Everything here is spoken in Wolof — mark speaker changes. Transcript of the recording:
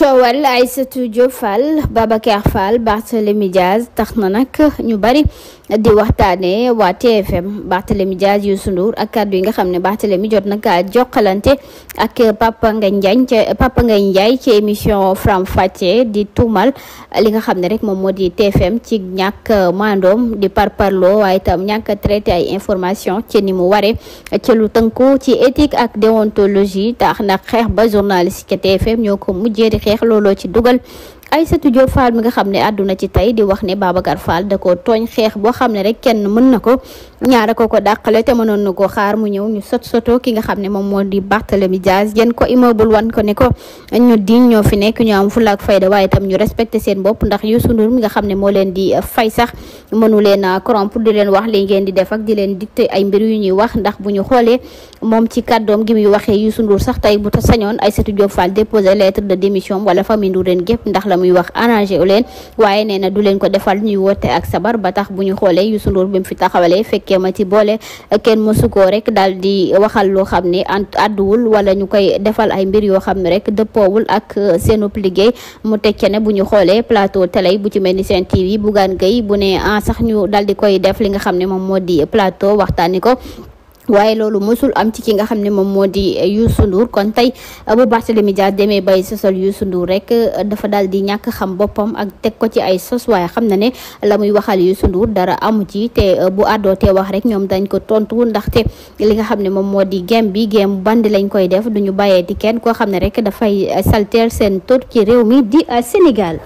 Speaker 1: coowal Aïssatou Diop Fall Babacar Fall Barthélémy Diaz tax na nag ñu bari di waxtaane waa TFM Barthélémy Diaz Youssou Ndour ak kàddu yi nga xam ne Barthélémy jot na kaa jokkalante ak Papa Ngagne Ndiaye ca Ndiaye ci émission Fram di tuumal li nga xam ne rek moom moo di TFM ci ñàkk mandoom di parparloo waaye itam ñàkk traité ay information ci ni mu ware ci lu tënku ci éthique ak déontologie tax na xeex ba journaliste TFM ñoo ko mujjee xeex looloo ci dugal Aïssatou Diop Fall mi nga xam ne àdduna ci tey di wax ne Babacar Fall da koo tooñ xeex boo xam ne rek kenn mën na ko ñaara ko ko dàqale te mënoon na koo xaar mu ñëw ñu sot soto ki nga xam ne moom moo di Barthélemy Diaz jën ko immeuble wan ko ne ko ñu di ñoo fi nekk ñu am fu fulla fay de waaye tam ñu respecté seen bopp ndax Youssou Ndour mi nga xam ne moo leen di fay sax mënu leen pour di leen wax li ngeen di def ak di leen dicté ay mbir yu ñuy wax ndax bu ñu xoolee moom ci kàddoom gi muy waxee Youssou Ndour sax tey bu ta sañoon Aïssatou Diop Fall déposé lettre de démission wala famille Ndour leen gépp ndax la muy wax arrangé u leen waaye nee na du leen ko defal ñuy woote ak sabar ba tax bu ñu xoolee yu Ndour bi fi taxawalee fekkee ma ci boole kenn mësu ko rek daal di waxal loo xam ne àdduwul wala ñu koy defal ay mbir yoo xam ne rek dëppoowul ak euh, seenub liggéey mu tekkee ne bu ñu xoolee plateau télé bu ci mel ni Sen TV Bougane Gueye bu ne sax ñu dal di koy def li nga xam ne moom moo di plateau waxtaani ko waaye loolu mësul am ci ki nga xam ne moom moo di Youssou Ndour kon tey bu Barthélemy Dias demee bay sosal Youssou Ndour rek dafa daal di ñàkk xam boppam ak teg ko ci ay sos xam na ne la muy waxal Youssou Ndour dara amu ci euh, bu àddoo wax rek ñoom dañ ko tontu ndaxte li nga xam ne moom moo di game bi game bandi lañ koy def duñu bàyyee di kenn koo xam ne rek dafay salteel seen tur ci réew mi di euh, Sénégal